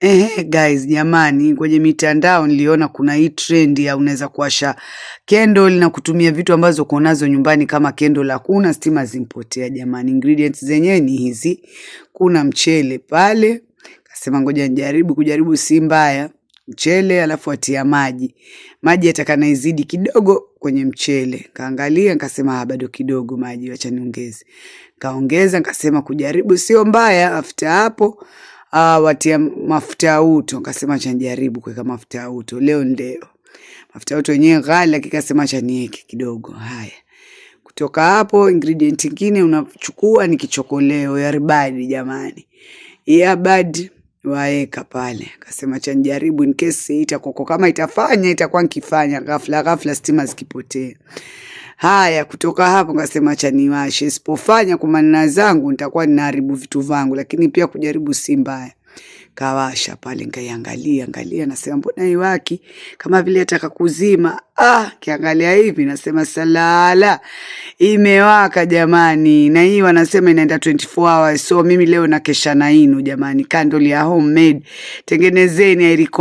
Eh, guys jamani, kwenye mitandao niliona kuna hii trend ya unaweza kuwasha candle na kutumia vitu ambazo uko nazo nyumbani kama candle. Hakuna stima zimpotea jamani. Ingredients zenyewe ni hizi, kuna mchele pale, kasema ngoja nijaribu, kujaribu si mbaya. Mchele alafu atia maji, maji atakana izidi kidogo kwenye mchele. Kaangalia nikasema ah, bado kidogo maji, wacha niongeze. Kaongeza nikasema kujaribu sio mbaya. After hapo ah, watia mafuta ya uto. Kasema chanjaribu kuweka mafuta ya uto leo ndeo. Mafuta ya uto yenyewe ghali, lakini kasema chanieke kidogo. Haya, kutoka hapo ingredient ingine unachukua ni kichokoleo ya ribadi, jamani, ya bad waeka pale. Kasema chanjaribu in case itakoko kama itafanya itakuwa nkifanya ghafla ghafla stima zikipotea haya, kutoka hapo ngasema acha niwashe, sipofanya kwa maneno zangu nitakuwa ninaharibu vitu vangu, lakini pia kujaribu si mbaya. Kawasha pale, nikaiangalia angalia, nasema mbona iwaki kama vile ataka kuzima. Ah, kiangalia hivi nasema salala, imewaka jamani, na hii wanasema inaenda 24 hours. So mimi leo nakesha na inu jamani, candle ya homemade tengenezeni, I recommend